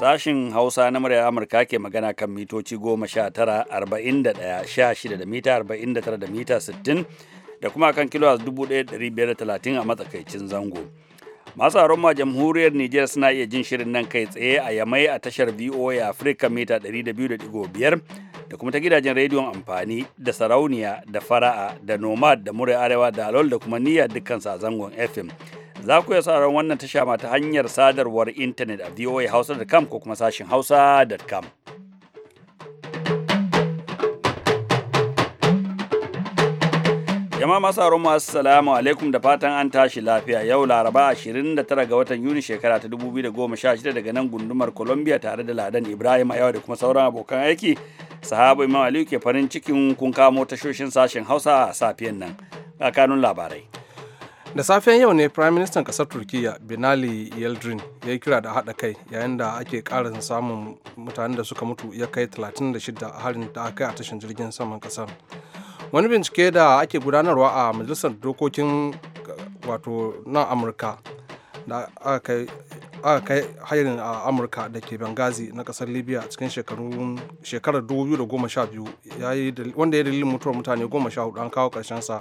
Sashin Hausa na murya Amurka ke magana kan mitoci goma sha tara arba'in da ɗaya sha shida da mita arba'in da tara da mita sittin da kuma kan kilo dubu ɗaya ɗari biyar da talatin a matsakaicin zango. Masu ma jamhuriyar Nijar suna iya jin shirin nan kai tsaye a Yamai a tashar VOA Africa mita ɗari da kuma ta gidajen rediyon amfani da sarauniya da fara'a da nomad da murai arewa da alol da kuma niyyar dukkan a zangon FM. Za ku iya sauran wannan tasha ma ta hanyar sadarwar intanet a voahausa.com ko kuma sashin hausa.com. Jama'a masu haron masu salamu alaikum da fatan an tashi lafiya yau laraba 29 ga watan Yuni shekara ta 2016 daga nan gundumar Colombia tare da Ladan Ibrahim a da kuma sauran abokan aiki. Sahabu Imam Aliyu ke farin cikin kun kamo tashoshin sashen Hausa a safiyan nan. Ga labarai. da safiyan yau ne prime minister kasar turkiya binali yeldrin ya yi kira da haɗa kai yayin da ake ƙarin samun mutanen da suka mutu ya kai 36 a harin da aka kai a tashin jirgin saman kasar wani bincike da ake gudanarwa a majalisar dokokin wato nan amurka da aka kai hayarin a amurka da ke bengazi na kasar libya cikin shekarar 2012 wanda ya dalilin mutuwar mutane 14 an kawo sa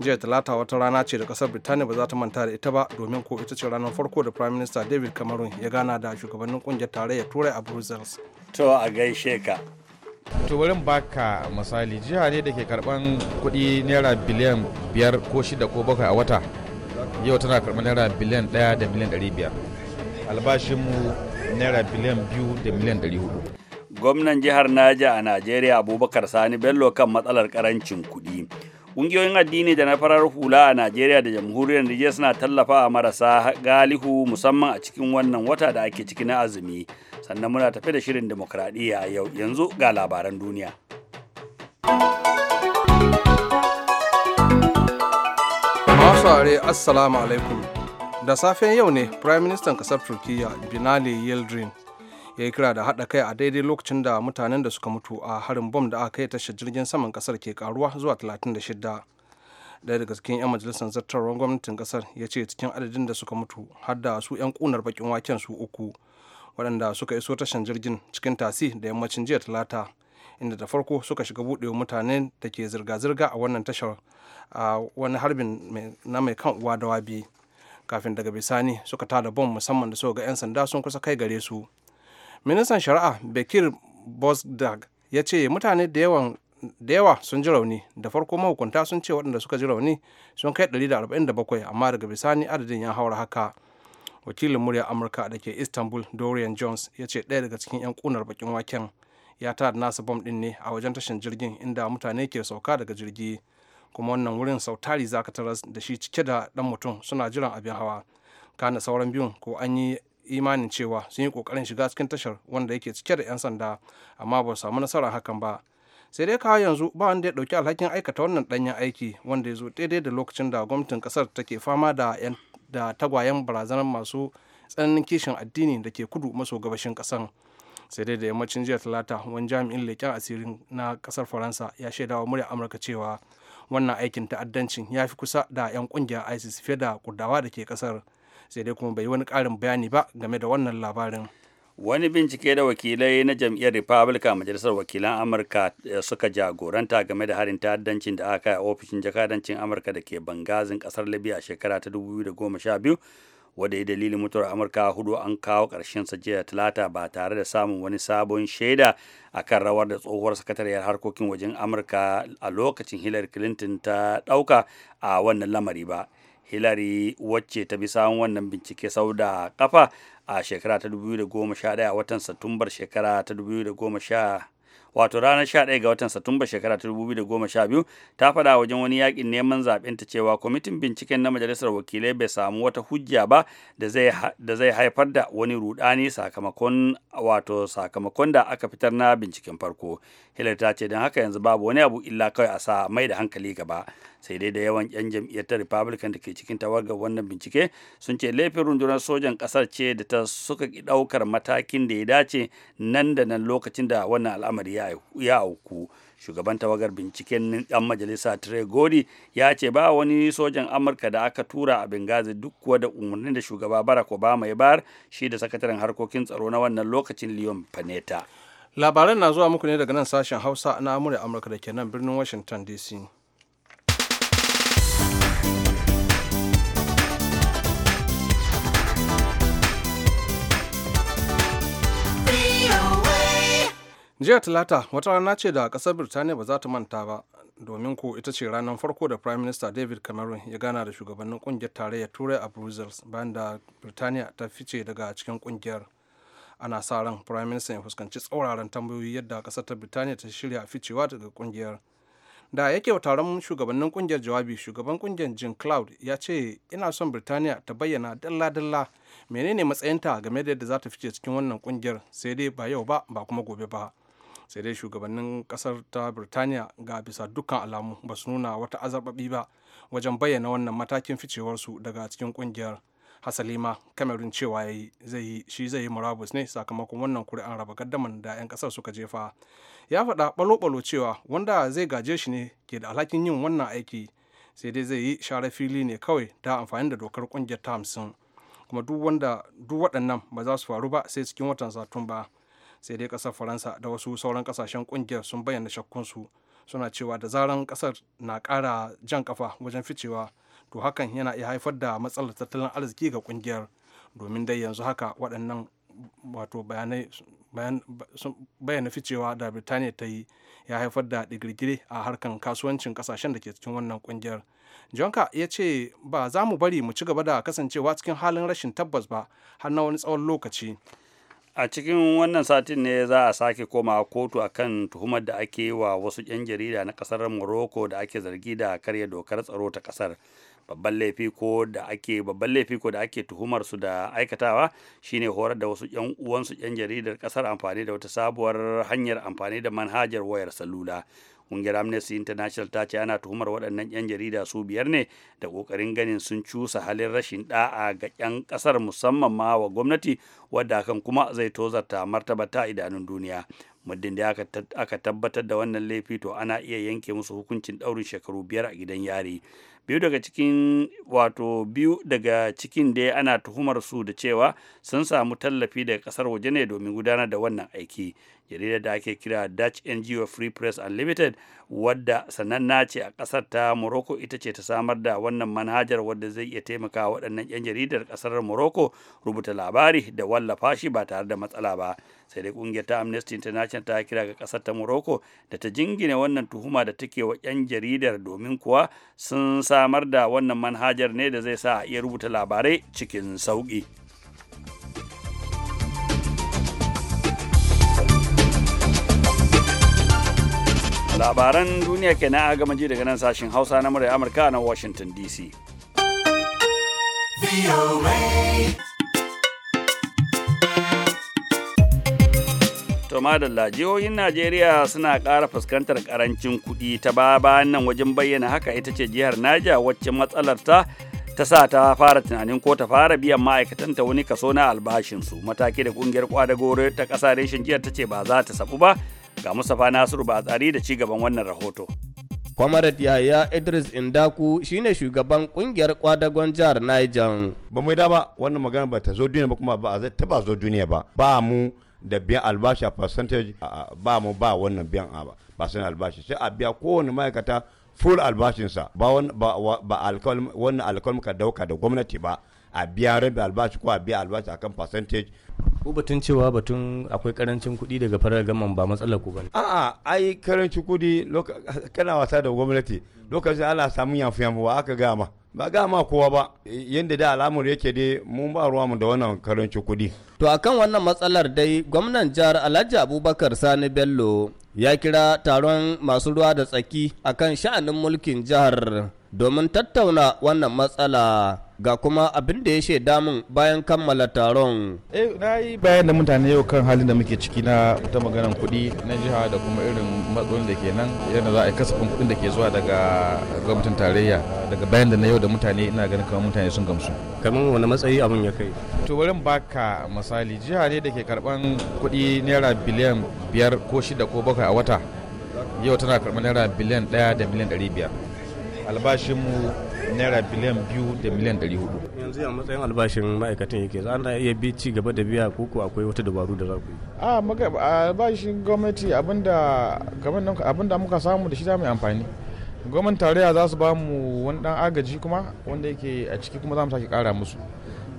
jiya talata wata rana ce da kasar birtaniya ba za ta manta da ita ba domin ko ita ce ranar farko da prime minister david cameron ya gana da shugabannin kungiyar tarayyar turai a brussels to a gaishe ka to bari baka misali jiha ne da ke karban kuɗi naira biliyan biyar ko shida ko bakwai a wata yau tana karɓar naira biliyan ɗaya da miliyan ɗari albashinmu naira biliyan biyu da miliyan ɗari gwamnan jihar naja a najeriya abubakar sani bello kan matsalar karancin kuɗi ƙungiyoyin addini da na farar hula a najeriya da jamhuriyar nijar suna tallafa a marasa galihu musamman a cikin wannan wata da ake ciki na azumi sannan muna tafi da shirin demokradiyya yau yanzu ga labaran duniya. saurare assalamu alaikum da safen yau ne prime minister kasar turkiyya binali yildirim ya yi kira da haɗa kai a daidai lokacin da mutanen da suka mutu a harin bom da aka kai tashar jirgin saman kasar ke karuwa zuwa 36 daya daga cikin 'yan majalisar zartarwar gwamnatin kasar ya ce cikin adadin da suka mutu har da su 'yan ƙunar bakin waken su uku waɗanda suka iso tashar jirgin cikin tasi da yammacin jiya talata inda da farko suka shiga buɗewa mutanen da ke zirga-zirga a wannan tashar a wani harbin na mai kan uwa da wabi kafin daga bisani suka tada bom musamman da suka ga 'yan sanda sun kusa kai gare su ministan shari'a bekir bosdag ya ce mutane da yawa sun ji rauni da farko mahukunta sun ce waɗanda suka ji rauni sun kai 147 amma daga bisani adadin ya haura haka wakilin murya amurka da ke istanbul dorian jones ya ce ɗaya daga cikin 'yan kunar bakin waken ya tada nasa bom ɗin ne a wajen tashin jirgin inda mutane ke sauka daga jirgi kuma wannan wurin sautari za ka taras da shi cike da dan mutum suna jiran abin hawa kana sauran biyun ko an yi imanin cewa sun yi kokarin shiga cikin tashar wanda yake cike da 'yan sanda amma ba samu nasara hakan ba sai dai kawo yanzu ba wanda ya dauki alhakin aikata wannan danyen aiki wanda ya zo daidai da lokacin da gwamnatin kasar take fama da da tagwayen barazanar masu tsananin kishin addini da ke kudu maso gabashin kasan sai dai da yammacin jiya talata wani jami'in leƙen asirin na kasar faransa ya shaidawa murya amurka cewa wannan aikin ta'addancin ya fi kusa da 'yan kungiyar isis fiye da kurdawa da ke kasar sai dai kuma bai wani karin bayani ba game da wannan labarin wani bincike da wakilai na jam'iyyar republican majalisar wakilan amurka eh, suka jagoranta game da harin ta'addancin da aka yi a ofishin jakadancin amurka da ke bangazin kasar libya a shekara ta 2012 wadda ya dalilin mutuwar amurka hudu an kawo ƙarshen sa jiya talata ba tare da samun wani sabon shaida a kan rawar da tsohuwar sakatariyar harkokin wajen amurka a lokacin hillary clinton ta ɗauka a wannan lamari ba hillary wacce ta bi samun wannan bincike sau da kafa a shekara ta 2011 watan satumbar shekara ta 2010 wato ranar 11 ga watan Satumba shekara 2012 ta faɗa wajen wani yakin neman zaben ta cewa kwamitin binciken na majalisar wakilai bai samu wata hujja ba da zai haifar da wani rudani sakamakon wato sakamakon da aka fitar na binciken farko Hillary ta ce don haka yanzu babu wani abu illa kawai a sa mai da hankali gaba sai dai da yawan 'yan jam'iyyar ta Republican da ke cikin tawagar wannan bincike sun ce laifin rundunar sojan kasar ce da ta suka ki ɗaukar matakin da ya dace nan da nan lokacin da wannan al'amari ya auku shugaban tawagar binciken ɗan majalisa Trey Godi ya ce ba wani sojan Amurka da aka tura a Benghazi duk kuwa da umarnin da shugaba Barack Obama ya bayar shi da sakataren harkokin tsaro na wannan lokacin Leon Panetta. Labaran na zuwa muku ne daga nan sashen Hausa na Amurka da ke nan birnin Washington DC. jiya talata wata rana ce da kasar birtaniya ba za ta manta ba domin ko ita ce ranar farko da prime minister david cameron ya gana da shugabannin kungiyar tarayyar turai a brussels bayan da birtaniya ta fice daga cikin kungiyar ana sa ran prime minister ya fuskanci tsauraran tambayoyi yadda kasar ta birtaniya ta shirya ficewa daga kungiyar da yake wa taron shugabannin kungiyar jawabi shugaban kungiyar jim cloud ya ce ina son birtaniya ta bayyana dalla-dalla menene matsayinta game da yadda za ta fice cikin wannan kungiyar sai dai ba yau ba ba kuma gobe ba sai dai shugabannin kasar ta birtaniya ga bisa dukkan alamu ba su nuna wata azababi ba wajen bayyana wannan matakin ficewarsu daga cikin kungiyar hasalima ma cameroon cewa yi shi zai yi murabus ne sakamakon wannan kuri'an raba gardaman da 'yan kasar suka jefa ya faɗa balo-balo cewa wanda zai gaje shi ne ke da alhakin yin wannan aiki sai dai zai yi share fili ne kawai ta amfani da dokar kungiyar ta hamsin kuma duk duk waɗannan ba za su faru ba sai cikin watan satumba sai dai kasar faransa da wasu sauran kasashen kungiyar sun bayyana shakkunsu suna cewa da zaran kasar na kara jan kafa wajen ficewa to hakan yana iya haifar da matsalar tattalin arziki ga kungiyar domin dai yanzu haka waɗannan wato bayanai bayyana ficewa da birtaniya ta yi ya haifar da digirgire a harkan kasuwancin kasashen da ke cikin wannan kungiyar jonka ya ce ba za mu bari mu ci gaba da kasancewa cikin halin rashin tabbas ba har na wani tsawon lokaci a cikin wannan satin ne za a sake koma kotu a kan tuhumar da ake wa wasu 'yan jarida na kasar morocco da ake zargi da karya dokar tsaro ta kasar babban laifi ko da ake babban laifi ko da ake tuhumar su da aikatawa shine horar da wasu yan uwansu yan jaridar kasar amfani da wata sabuwar hanyar amfani da manhajar wayar salula ƙungiyar amnesty international ta ce ana tuhumar waɗannan 'yan jarida su biyar ne da ƙoƙarin ganin sun cusa halin rashin ɗa'a ga 'yan ƙasar musamman ma wa gwamnati wadda hakan kuma zai tozarta martaba ta idanun duniya muddin da aka tabbatar da wannan laifi to ana iya yanke musu hukuncin ɗaurin shekaru biyar a gidan yari biyu daga cikin wato biyu daga cikin da ana tuhumar su da cewa sun samu tallafi daga kasar waje ne domin gudanar da wannan aiki jaridar da ake kira dutch ngo free press unlimited wadda sananna ce a ƙasar ta morocco ita ce ta samar da wannan manhajar wadda zai iya taimaka waɗannan 'yan jaridar ƙasar morocco rubuta labari da wallafa shi ba tare da matsala ba sai dai ƙungiyar ta amnesty international ta kira ga ƙasar ta morocco da ta jingina wannan tuhuma da take wa 'yan jaridar domin kuwa sun samar da wannan manhajar ne da zai sa a iya rubuta labarai cikin sauƙi. labaran duniya kenan a gama ji daga nan sashen hausa na murya amurka na washington dc to madalla jihohin najeriya suna ƙara fuskantar ƙarancin kuɗi ta ba bayan nan wajen bayyana haka ita ce jihar naja wacce matsalarta ta ta sa ta fara tunanin ko ta fara biyan ma'aikatanta wani kaso na albashinsu mataki da ƙungiyar kwadago ta ƙasa reshen jihar ta ce ba za ta sabu ba Ga Mustapha Nasiru ba tsari da ci gaban wannan rahoto. Kwamarat Yaya Idris Indaku shine shugaban kungiyar kwadagon jihar Niger. Ba mu da ba wannan magana ba ta zo duniya ba kuma ba a taba zo duniya ba. Ba mu da biyan albashi a percentage ba mu ba wannan biyan ba sai albashi sai a biya kowane ma'aikata full sa. ba wannan alkalm ka dauka da gwamnati ba a biya rabi albashi ko a biya albashi akan percentage ko batun cewa batun akwai karancin kuɗi daga farar gaman ba matsala ku bane a'a ai karancin kuɗi kana wasa da gwamnati lokacin ana samun yafu yafu ba aka gama ba gama kowa ba yadda da al'amur yake dai mun ba ruwa mu da wannan karancin kuɗi to akan wannan matsalar dai gwamnan jihar Alhaji Abubakar Sani Bello ya kira taron masu ruwa da tsaki akan sha'anin mulkin jihar domin tattauna wannan matsala ga kuma abin da ya shaida min bayan kammala taron. Eh na yi bayan da mutane yau kan halin da muke ciki na ta maganan kuɗi na jiha da kuma irin matsalolin da ke nan yadda za a yi kasafin kuɗin da ke zuwa daga gwamnatin tarayya daga bayan da na yau da mutane ina ganin kamar mutane sun gamsu. Kamar wani matsayi abin ya kai? To bari baka misali jiha ne da ke karɓan kuɗi naira biliyan biyar ko shida ko bakwai a wata yau tana karɓar naira biliyan ɗaya da biliyan ɗari biyar. albashinmu naira biliyan biyu da miliyan ɗari hudu. yanzu a matsayin albashin ma'aikatan yake za na iya bi ci gaba da biya ko akwai wata dabaru da za ku yi. a albashin gwamnati abinda muka samu da shi za mu yi amfani gwamnan tarayya za su ba mu wani dan agaji kuma wanda yake a ciki kuma za mu sake kara musu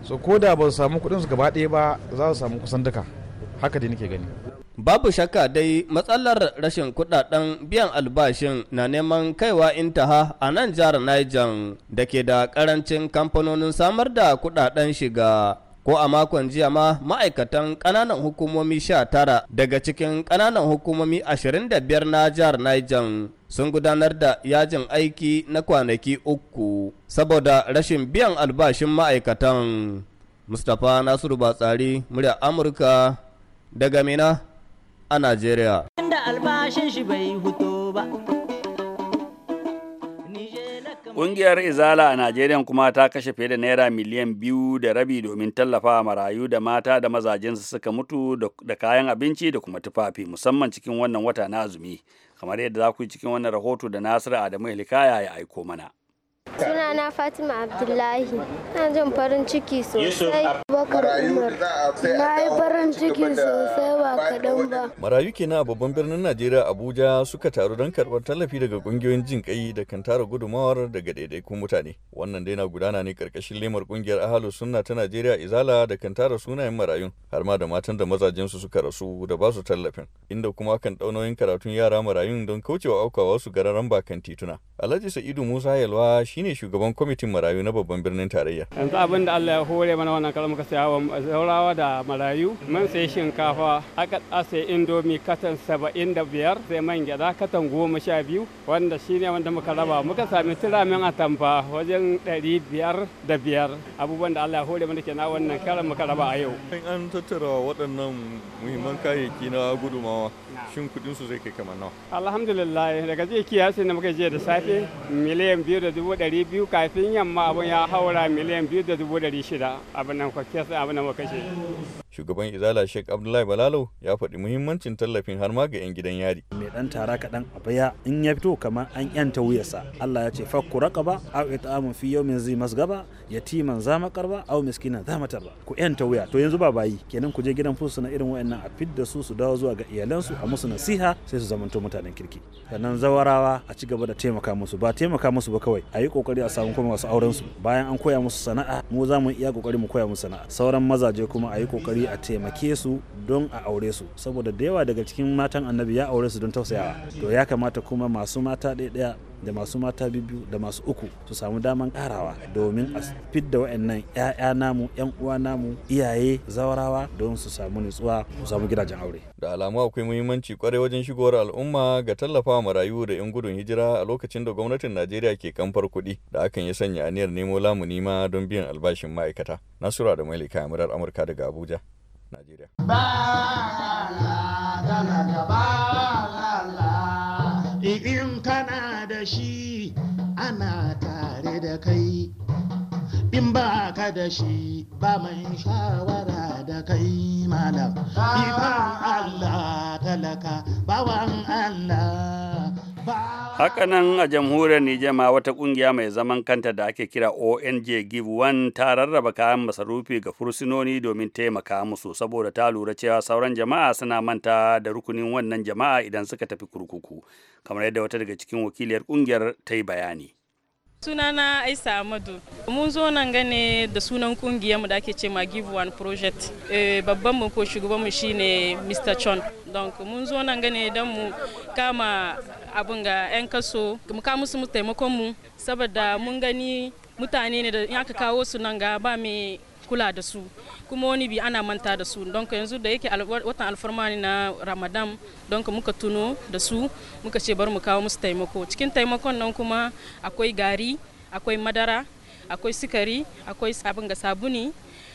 so ko da ba su samu kuɗin su gaba ɗaya ba za su samu kusan duka. haka dai nake gani babu shakka dai matsalar rashin kudaden biyan albashin na neman kaiwa intaha a nan jihar niger da ke da karancin kamfanonin samar da kudaden shiga ko a makon jiya ma ma'aikatan kananan hukumomi sha tara daga cikin kananan hukumomi ashirin da biyar na jihar Niger sun gudanar da yajin aiki na kwanaki uku saboda rashin biyan albashin ma'aikatan. Mustapha Nasiru Batsari, murya Amurka daga Mina a Najeriya. Ƙungiyar Izala a Najeriya kuma ta kashe fiye da naira miliyan biyu da rabi domin tallafa marayu da mata da mazajinsu suka mutu da kayan abinci da kuma tufafi musamman cikin wannan wata na azumi. Kamar yadda za ku yi cikin wannan rahoto da Nasiru Adamu Hilkaya ya aiko mana. Sunana Fatima Abdullahi, na jin farin ciki sosai Marayu Na farin ciki sosai ba kaɗan ba. Marayu kenan a babban birnin Najeriya Abuja suka taru don karbar tallafi daga kungiyoyin jin ƙai da kan tara gudumawar daga ɗaiɗaikun mutane. Wannan dai na gudana ne karkashin lemar kungiyar Ahalu Sunna ta Najeriya Izala da kan tara sunayen marayun har ma da matan da mazajen su suka rasu da ba su tallafin. Inda kuma kan daunoyin karatun yara marayun don kaucewa aukawa su gararan bakan tituna. Alhaji Sa'idu Musa Yalwa shine shugaban kwamitin marayu na babban birnin tarayya. Yanzu abin da Allah ya hore mana wannan kalmar muka saya wa zaurawa da marayu mun sai shinkafa aka ase indomi katan saba'in da biyar sai man gyada katan goma sha biyu wanda shine wanda muka raba muka sami turamin atamfa wajen ɗari biyar da biyar abubuwan da Allah ya hore mana kenan wannan karan muka raba a yau. in an tattara waɗannan muhimman kayayyaki na gudumawa shin kuɗin su zai kai kamar nawa. alhamdulillah daga jiya sai na muka je da safe miliyan biyu da dubu ɗari biyu kafin yamma abun ya haura miliyan biyu da dubu ɗari shida abin nan kwa kiyasa abin da muka kashe shugaban izala sheik abdullahi balalo ya faɗi muhimmancin tallafin har ma ga 'yan gidan yari mai dan tara kaɗan a baya in ya fito kamar an yanta wuyarsa allah ya ce fakku au aw it'amun fi yawmin zi masgaba yatiman za makarba aw miskina za matarba ku yanta wuya to yanzu ba bayi kenan ku je gidan fusu na irin wayannan a fidda su su dawo zuwa ga iyalansu a musu nasiha sai su zamanto mutanen kirki sannan zawarawa a ci gaba da taimaka musu ba taimaka musu ba kawai a yi kokari a samu kuma masu auren su bayan an koya musu sana'a mu za mu iya kokari mu koya musu sana'a sauran mazaje kuma a yi kokari annabi a taimake su don a aure su saboda da yawa daga cikin matan annabi ya aure su don tausayawa to ya kamata kuma masu mata ɗaya da masu mata biyu da masu uku su samu daman karawa domin a fidda wa'annan 'ya'ya namu 'yan uwa namu iyaye zaurawa don su samu nutsuwa su samu gidajen aure da alamu akwai muhimmanci kwarai wajen shigowar al'umma ga tallafa marayu da 'yan gudun hijira a lokacin da gwamnatin najeriya ke kamfar kuɗi da akan ya sanya aniyar nemo lamuni ma don biyan albashin ma'aikata nasura da mailika murar amurka daga abuja najeriya in kana da shi ana tare da kai in ba ka da shi ba mai shawara da kai malam iban allah talaka bawan allah Hakanan a jamhuriyar ma wata kungiya mai zaman kanta da ake kira ONG Give One ta rarraba kayan masarufi ga fursunoni domin taimaka musu saboda ta lura cewa sauran jama'a suna manta da rukunin wannan jama'a idan suka tafi kurkuku kamar yadda wata daga cikin wakiliyar kungiyar ta yi bayani. sunana aisa amadu mun zo nan gane da sunan kungiyarmu da ake ce ma give one project eh, babban mu ko shugabanmu shine mr chon donc mun zo nan gane don mu kama abin ga 'yan kaso mu ka musu taimakon mu saboda mun gani mutane ne da ya aka kawo su nan ga ba mai kula da su kuma wani bi ana manta da su don yanzu da yake watan alfarma ne na ramadan don muka tuno da su muka ce bar mu kawo musu taimako cikin taimakon nan kuma akwai gari akwai madara akwai sikari akwai sabon ga sabuni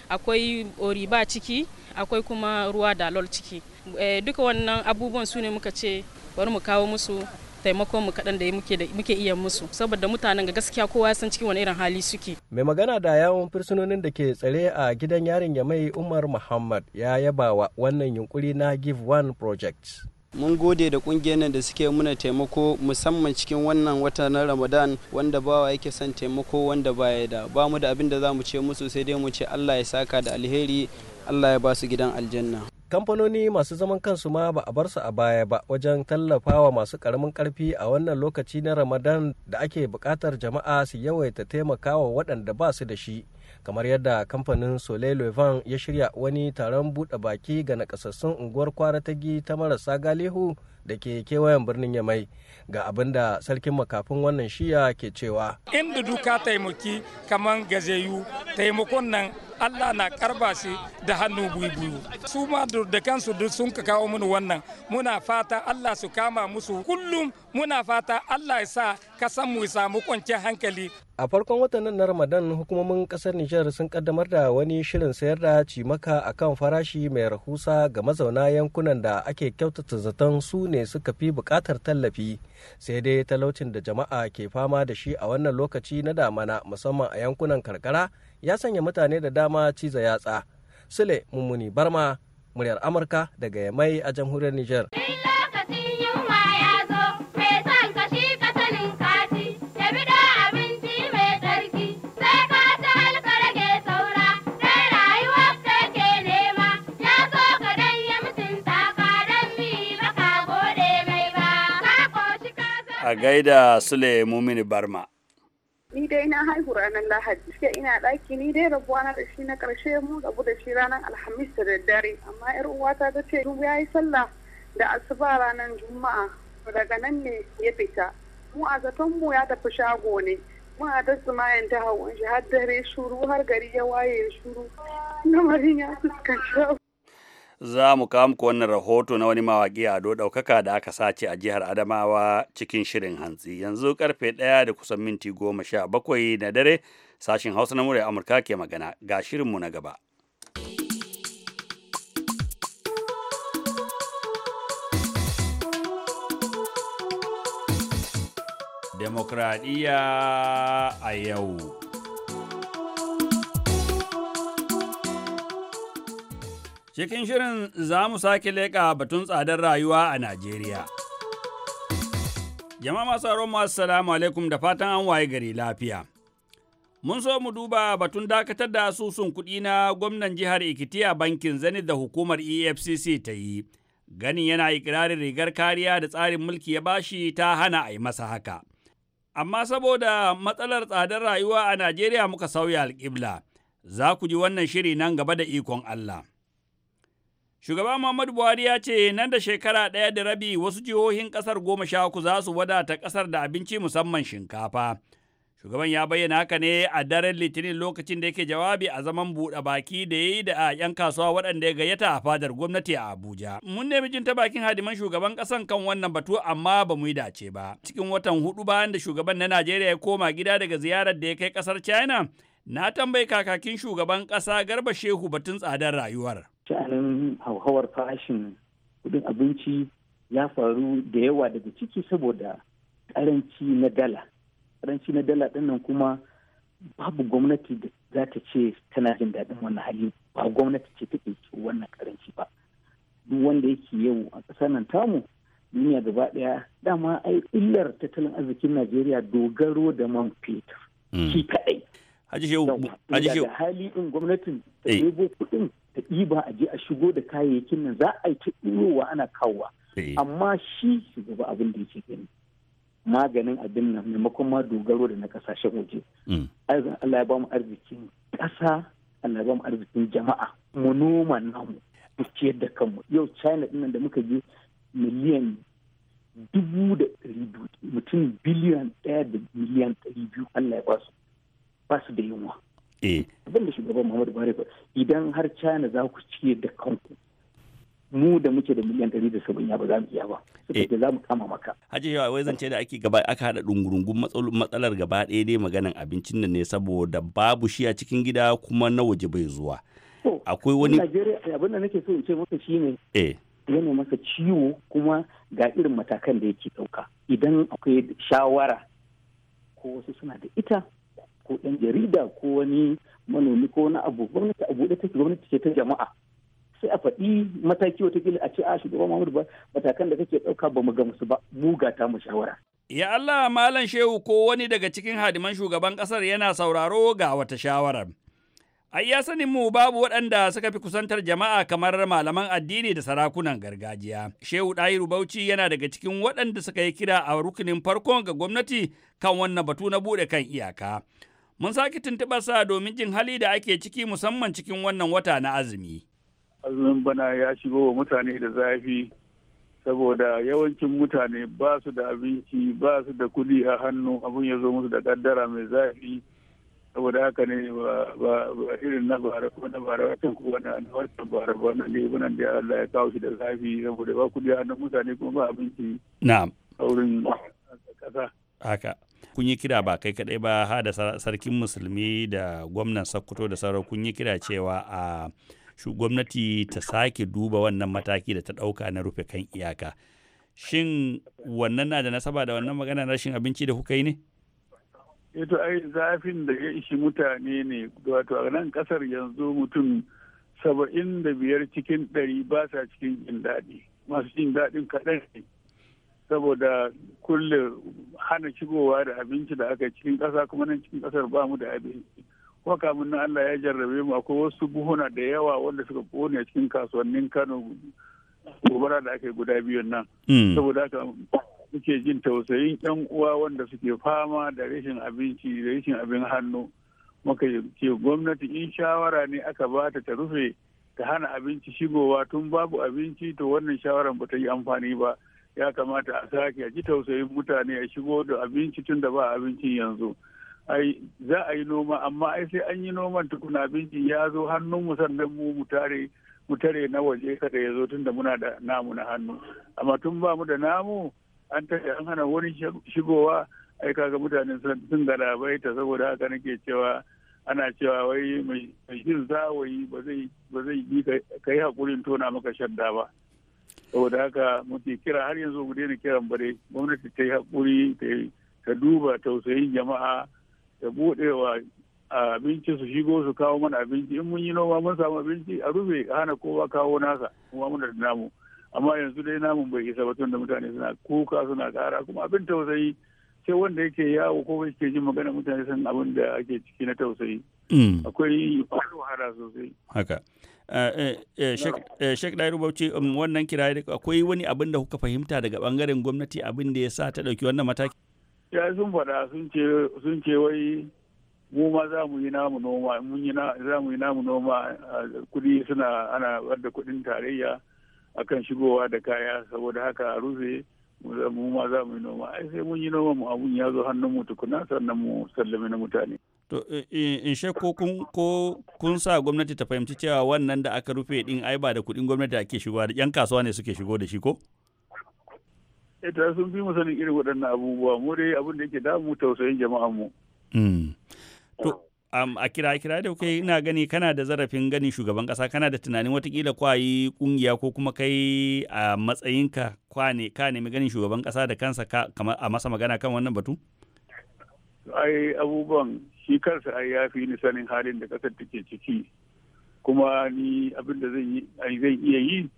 akwai ori ba ciki akwai kuma ruwa da lol ciki eh, duka wannan abubuwan su ne muka ce bari mu kawo musu taimakon mu kaɗan da muke iya musu saboda mutanen ga gaskiya kowa san cikin wani irin hali suke. mai magana da yawon fursunonin da ke tsare a gidan yarin ya mai umar muhammad ya yaba wa wannan yunkuri na give one project. mun gode da kungiyar nan da suke muna taimako musamman cikin wannan wata na ramadan wanda bawa yake son taimako wanda baya da ba mu da abin da za mu ce musu sai dai mu ce allah ya saka da alheri allah ya ba su gidan aljanna kamfanoni masu zaman kansu ma ba a bar su a baya ba wajen tallafawa masu karamin karfi a wannan lokaci na ramadan da ake buƙatar jama'a su yawaita taimakawa waɗanda ba su da shi kamar yadda kamfanin soleil levan ya shirya wani taron buɗe baki ga nakasassun unguwar kwara ta marasa galihu da ke kewayen birnin Yamai ga abin da sarkin makafin wannan shiya ke cewa. Inda duka taimaki kamar gazeyu taimakon nan Allah na karba shi da hannu buibuyu su ma da kansu duk sun ka kawo mini wannan muna fata Allah su kama musu kullum muna fata Allah ya sa kasan mu samu kwanciyar hankali a farkon watan na Ramadan hukumomin kasar Nijar sun kaddamar da wani shirin sayar da cimaka akan farashi mai rahusa ga mazauna yankunan da ake kyautata zaton su ne suka fi bukatar tallafi sai dai talaucin da jama'a ke fama da shi a wannan lokaci na damana musamman a yankunan karkara ya sanya mutane da dama ciza yatsa sule mummuni barma muryar amurka daga yamai a jamhuriyar niger gaida Sule Mumini Barma. Ni dai na haihu ranar Lahadi, sai ina ɗaki ni dai rabuwa na da shi na ƙarshe mu rabu da shi ranar Alhamis da daddare, amma 'yar uwata ta ce duk ya yi sallah da asuba ranar Juma'a daga nan ne ya fita. Mu a zaton mu ya tafi shago ne, mu a dasu mayan ta hawan shi har dare shuru har gari ya waye shuru. Namarin ya fuskanci za mu kawo muku wannan rahoto na wani mawaƙi ado ɗaukaka da aka sace a jihar adamawa cikin shirin hantsi yanzu karfe ɗaya da kusan minti goma sha bakwai na dare sashin hausa na murya amurka ke magana ga shirin mu na gaba demokradiyya a yau Cikin shirin za mu sake leƙa batun tsadar rayuwa a Najeriya. Jama'a masu aron masu salamu alaikum da fatan an waye gari lafiya. Mun so mu duba batun dakatar da asusun kuɗi na gwamnan jihar ekiti a bankin Zenith da hukumar EFCC ta yi. Ganin yana ikirarin rigar kariya da tsarin mulki ya bashi ta hana a yi masa haka. Amma saboda matsalar tsadar rayuwa a Najeriya muka sauya alƙibla, za ku ji wannan shiri nan gaba da ikon Allah. Shugaba Muhammadu Buhari ya ce nan da shekara ɗaya da rabi wasu jihohin ƙasar goma sha uku za su wadata ƙasar da abinci musamman shinkafa. Shugaban ya bayyana haka ne a daren Litinin lokacin da yake jawabi a zaman buɗe baki da ya yi da 'yan kasuwa waɗanda ya gayyata a fadar gwamnati a Abuja. Mun nemi jin ta bakin hadiman shugaban ƙasan kan wannan batu amma ba mu yi dace ba. Cikin watan hudu bayan da shugaban na Najeriya ya koma gida daga ziyarar da ya kai ƙasar China, na tambayi kakakin shugaban ƙasa Garba Shehu batun tsadar rayuwar. sha'anin hauhawar farashin kudin abinci ya faru da yawa daga ciki saboda karanci na dala karanci na dala dinnan kuma babu gwamnati da za ta ce tana jin daɗin wannan hali ba gwamnati ce ta take wannan karanci ba duk wanda yake yau a ƙasar nan tamu duniya gaba ɗaya dama ai illar tattalin arzikin najeriya dogaro da man fetur mm. shi kaɗai Shehu, hali ɗin gwamnatin ta eh. ɗebo kuɗin ba a je a shigo da kayayyakin nan za a yi ta ɗirowa ana kawowa eh. amma shi shugaba abin da yake gani maganin abin nan maimakon ma dogaro da na kasashen waje mm. Allah ya ba mu arzikin ƙasa Allah ya ba mu arzikin jama'a mu noma namu mu ciyar da kanmu yau China ɗin da muka je miliyan dubu da ɗari biyu mutum biliyan ɗaya da miliyan ɗari biyu Allah ya ba su ba su da yunwa Eh. abin da shugaban muhammadu buhari ba idan har china za ku ci da kanku mu da muke da miliyan ɗari da saba'in ba za mu iya ba eh. suka za mu kama maka hajji yawa wai zance da ake gaba aka haɗa ɗungurungun matsalar gaba ɗaya dai maganan abincin da ne saboda babu shi a cikin gida kuma na waje bai zuwa akwai wani eh, abin da nake so in ce maka shi ne yana masa ciwo kuma ga irin matakan da yake ɗauka idan akwai shawara ko wasu suna da ita ko ɗan jarida ko wani manomi ko wani abu gwamnati a buɗe take gwamnati ce ta jama'a sai a faɗi mataki watakila a ce a ah, shugaban Muhammadu ba matakan da kake ɗauka ba mu ga musu ba mu ga ta mu shawara. Ya Allah Malam Shehu ko wani daga cikin hadiman shugaban ƙasar yana sauraro ga wata shawarar. Ai ya sanin mu babu waɗanda suka fi kusantar jama'a kamar malaman addini da sarakunan gargajiya. Shehu Ɗahiru Bauchi yana daga cikin waɗanda suka yi kira a rukunin farkon ga gwamnati kan wannan batu na buɗe kan iyaka. Mun sake tuntuɓar sa domin jin hali da ake ciki musamman cikin wannan wata na azumi. Azumin bana ya shigo wa mutane da zafi saboda yawancin mutane ba su da abinci ba su da kudi a hannu abin ya zo musu da kaddara mai zafi saboda haka ne ba irin na bara na bara na wata bara ba na ne bunan da Allah ya kawo shi da zafi saboda ba kudi a hannun mutane kuma ba abinci. Na'am. Saurin kasa. Haka. kun yi kira ba kai kadai ba ha da sarkin musulmi da gwamnan sakkuto da sauran kun yi kira cewa a gwamnati ta sake duba wannan mataki da ta dauka na rufe kan iyaka shin wannan na da nasaba da wannan magana rashin abinci da kuka yi ne eto eh ai zafin da ya ishi mutane ne wato a nan kasar yanzu mutum saba'in da biyar cikin ɗari ba sa cikin jin daɗi masu jin daɗin kaɗan ne saboda kulle hana shigowa da abinci da aka cikin ƙasa kuma nan cikin ƙasar ba mu da abinci kuma kamun nan Allah ya jarrabe mu akwai wasu buhuna da yawa wanda suka kone cikin kasuwannin Kano gobara da aka guda biyun nan hmm. saboda haka muke jin tausayin yan uwa wanda suke fama da rashin abinci da rashin abin hannu muka ce gwamnati in shawara ne aka bata ta rufe ta hana abinci shigowa tun babu abinci to wannan shawaran ba ta yi amfani ba ya kamata a sake a ji tausayin mutane a shigo da abinci tun da ba abincin yanzu ai za a yi noma amma ai sai an yi noman tukuna abincin ya zo hannun mu sannan mu mutare tare na waje kada ya zo tun da muna da namu na hannu amma tun ba mu da namu an ta an hana wani shigowa ai kaga mutane sun galabaita saboda haka nake cewa ana cewa wai mai jin zawayi ba zai ba ka yi hakurin tona maka shadda ba saboda haka muke kira har yanzu mu daina kiran bare gwamnati ta yi haƙuri ta duba tausayin jama'a ta buɗewa abinci su shigo su kawo mana abinci in mun yi noma mun samu abinci a rufe hana kowa kawo nasa kuma muna da namu amma yanzu dai namun bai isa ba tun da mutane suna kuka suna kara kuma abin tausayi sai wanda yake yawo ko yake jin magana mutane san abin da ake ciki na tausayi mm. akwai wahala sosai haka eh, eh, eh, Shek Dairu Bauchi um, wannan kiraye akwai wani abin da kuka fahimta daga bangaren gwamnati abin da ya sa ta ɗauki wannan mataki? Ya sun faɗa sun ce wai mu ma za mu yi namu noma mun yi za mu yi namu noma kudi suna ana wadda kudin tarayya akan shigowa da kaya saboda haka a rufe mu ma za mu yi noma ai sai mun yi noma mu abun ya zo hannun mu tukuna sannan mu sallame na mutane to eh, eh, in she ko kun ko kun sa gwamnati ta fahimci cewa wannan da aka rufe din ai ba da kuɗin gwamnati ake shigo da yan kasuwa ne suke shigo da shi ko ita eh, sun fi mu sanin irin waɗannan abubuwa mu dai abin da yake damu tausayin jama'an mu hmm. um, a kira kira da kuka ina gani kana da zarafin ganin shugaban kasa kana da tunanin watakila kwayi kungiya ko kuma kai a matsayinka kwane ka nemi ganin shugaban kasa da kansa ka a masa magana kan wannan batu ai abubuwan shi kansa ai ya fi ni sanin halin da kasar take ciki kuma ni abin da zai iya yi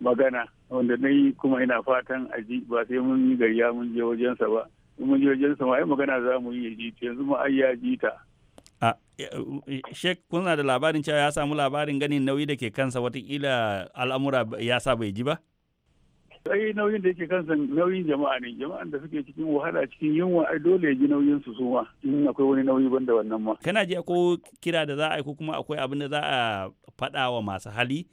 magana wanda na yi kuma ina fatan a ji ba sai mun yi gariya mun je wajensa ba mun je wajensa ma ai magana za mu yi ya ji yanzu ma ai ya ji ta Eh, eh, eh, shek kuna da labarin cewa ya samu labarin ganin nauyi da ke kansa watakila al'amura ya sa bai ji ba? sai nauyin da yake kansa nauyin jama'a ne jama'an da suke cikin wahala cikin yunwa ai dole ya ji nauyin su suma in akwai wani nauyi banda wannan ma kana ji ko kira da za a yi ko kuma akwai abin da za a faɗa wa masu hali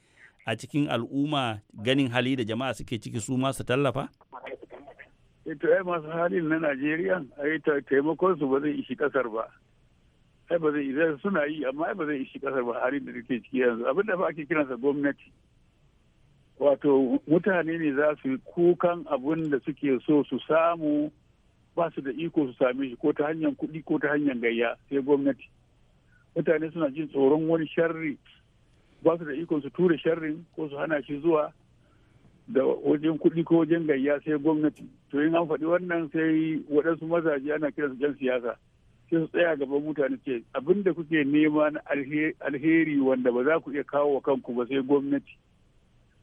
a cikin al'umma ganin hali da jama'a suke ciki su ma su tallafa to ai masu halin na Najeriya ai taimakon su ba zai ishi kasar ba ai ba zai idan suna yi amma ai ba zai ishi kasar ba halin da take ciki yanzu abin da ba ake kiransa gwamnati wato mutane ne za su yi kukan abin da suke so su samu ba su da iko su same shi ko ta hanyar kuɗi ko ta hanyar gayya sai gwamnati mutane suna jin tsoron wani sharri ba su da iko su tura sharrin ko su hana shi zuwa da wajen kuɗi ko wajen gayya sai gwamnati to in an faɗi wannan sai waɗansu mazaje ana kiransu jan siyasa sai su tsaya gaban mutane ce abin da kuke nema na alheri wanda ba za ku iya kawo wa kanku ba sai gwamnati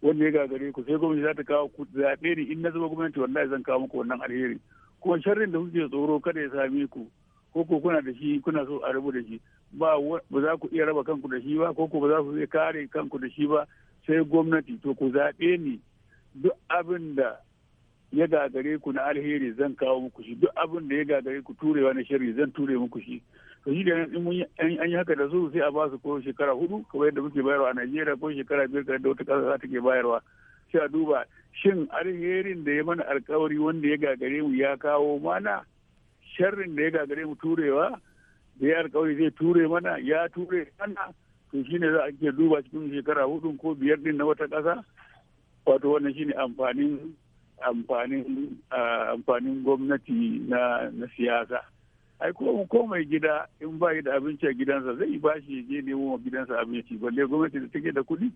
wanda ya gagare ku sai gwamnati za ta kawo ku zaɓe ni in na zama gwamnati wallahi zan kawo muku wannan alheri kuma sharrin da kuke tsoro kada ya same ku ko ko kuna da shi kuna so a rabu da shi ba ba za ku iya raba kanku da shi ba ko ko ba za ku iya kare kanku da shi ba sai gwamnati to ku zaɓe ni duk abin da ya gagare ku na alheri zan kawo muku shi duk abin da ya gagare ku turewa na shari zan ture muku shi to shi da an yi haka da su sai a ba su ko shekara hudu kamar yadda muke bayarwa a Najeriya ko shekara biyar kamar yadda wata ƙasa za ta ke bayarwa sai a duba shin alherin da ya mana alkawari wanda ya gagare mu ya kawo mana sharrin da ya gagare mu turewa da ya alkawari zai ture mana ya ture mana to shi ne za a ke duba cikin shekara hudu ko biyar din na wata ƙasa wato wannan shi ne amfanin amfanin gwamnati na siyasa ai ko mai gida in ba da abinci a gidansa zai bashi shi je nemo wa gidansa abinci balle gwamnati da take da kuɗi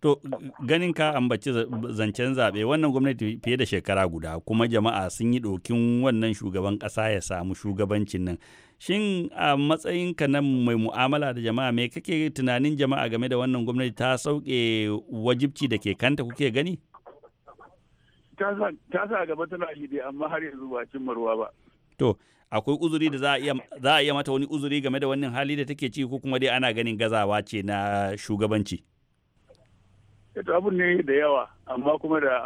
to ganin ka ambaci zancen zaɓe wannan gwamnati fiye da shekara guda kuma jama'a sun yi ɗokin wannan shugaban ƙasa ya samu shugabancin nan shin a matsayin ka na mai mu'amala da jama'a me kake tunanin jama'a game da wannan gwamnati ta sauke wajibci da ke kanta kuke gani ta sa gaba tana yi dai amma har yanzu ba cin ruwa ba to akwai uzuri da za a iya mata wani uzuri game da wannan hali da take ci ko kuma dai ana ganin gazawa ce na shugabanci to abun ne da yawa amma kuma da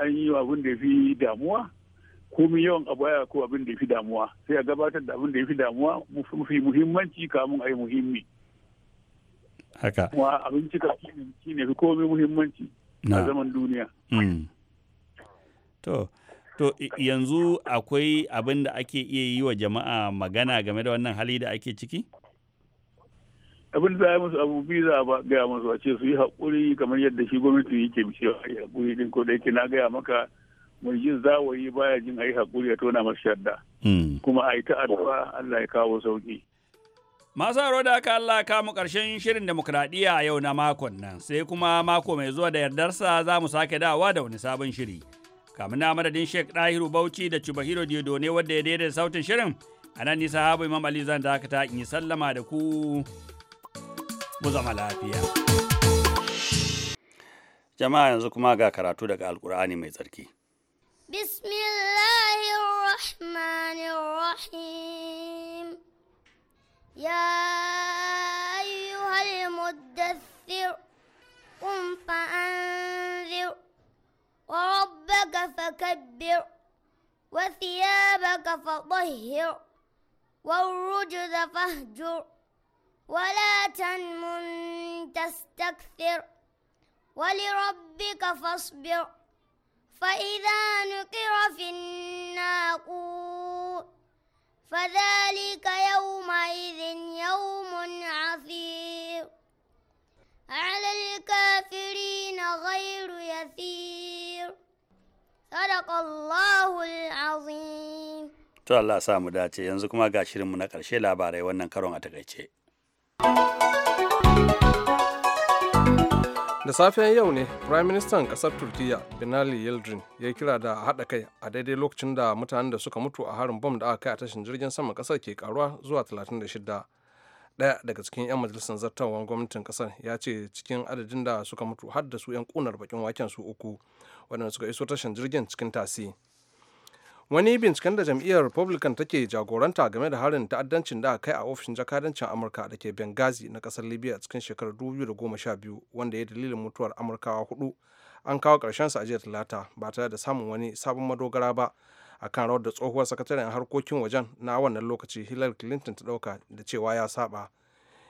an yi abun da fi damuwa komi yawan abu ya ko abin da ya fi damuwa sai a gabatar da abin da ya fi damuwa mafi muhimmanci kamun a yi muhimmi haka kuma abinci cika shi ne fi komi muhimmanci a zaman duniya hmm. To, to yanzu akwai abin da ake iya yi wa jama'a magana game da wannan hali da ake ciki? Abin da za a musu abu biyu za a gaya musu a ce su yi haƙuri kamar yadda shi gwamnati yake cewa a yi haƙuri din ko da yake na gaya maka mai jin zawayi baya jin a yi haƙuri a tona masu shadda. Hmm. Kuma a yi ta addu'a Allah ya kawo sauƙi. Masu haro da aka Allah kamu ƙarshen shirin demokradiyya yau na makon nan sai kuma mako mai zuwa da yardarsa za mu sake dawa da wani sabon shiri. kamun na madadin Sheikh Dahiru Bauchi da Chubahiro Diodo ne wadda ya daidaita sautin shirin. A nan nisa habu Imam Ali zan dakata in yi sallama da ku mu zama lafiya. Jama'a yanzu kuma ga karatu daga Alkur'ani mai tsarki. Bismillahirrahmanirrahim. Ya ayyuhal muddathir qum fa'anzir وربك فكبر وثيابك فطهر والرجز فاهجر ولا تنم تستكثر ولربك فاصبر فإذا نقر في الناقور فذلك يومئذ يوم عثير على الكافرين غير يسير Sadaqallahul azim. To Allah sa mu dace yanzu kuma ga shirinmu na ƙarshe labarai wannan karon a takaice. Da safiyan yau ne, Prime Minister ƙasar Turkiyya Binali Yildirim ya kira da haɗa kai a daidai lokacin da mutanen da suka mutu a harin bom da aka kai a tashin jirgin sama ƙasar ke karuwa zuwa 36. Ɗaya daga cikin 'yan majalisar zartawan gwamnatin ƙasar ya ce cikin adadin da suka mutu har da su 'yan kunar bakin waken su uku. waɗanda suka iso tashan jirgin cikin tasi wani binciken da jam'iyyar republican take jagoranta game da harin ta'addancin da kai a ofishin jakadancin amurka da ke benghazi na kasar libya cikin shekarar 2012 wanda ya dalilin mutuwar amurkawa hudu an kawo ƙarshen sa a jiya talata ba tare da samun wani sabon madogara ba akan rawar da tsohuwar sakataren harkokin wajen na wannan lokaci hillary clinton ta ɗauka da cewa ya saba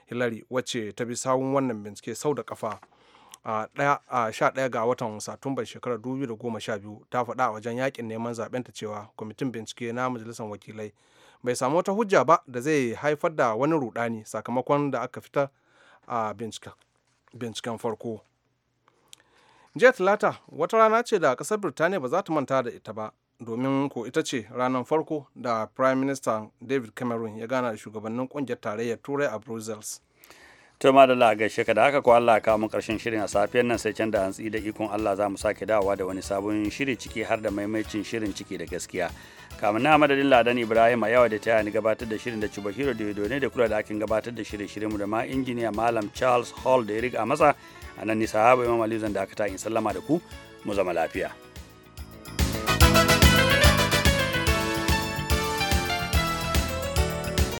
hillary wacce ta bi sawun wannan bincike sau da kafa a sha ɗaya ga watan satumbar shekarar 2012 ta faɗa a wajen yakin neman zaɓenta cewa kwamitin bincike na majalisar wakilai bai samu wata hujja ba da zai haifar da wani rudani sakamakon da aka fita a binciken farko jiya talata wata rana ce da ƙasar birtaniya ba za ta manta da ita ba domin ko ita ce ranar farko da prime minister david cameron ya gana da shugabannin kungiyar tarayyar turai a brussels to ma da Allah gaishe ka haka ko Allah ka mu karshen shirin a safiyar nan sai can da hantsi da ikon Allah za mu sake dawowa da wani sabon shiri ciki har da maimacin shirin ciki da gaskiya kamun na madadin ladan ibrahim a yawa da ta ni gabatar da shirin da hero da ne da kula da akin gabatar da shirin shirin mu da ma injiniya malam charles hall da ya riga masa a nan ni sahaba imam aliyu zan da aka ta in sallama da ku mu zama lafiya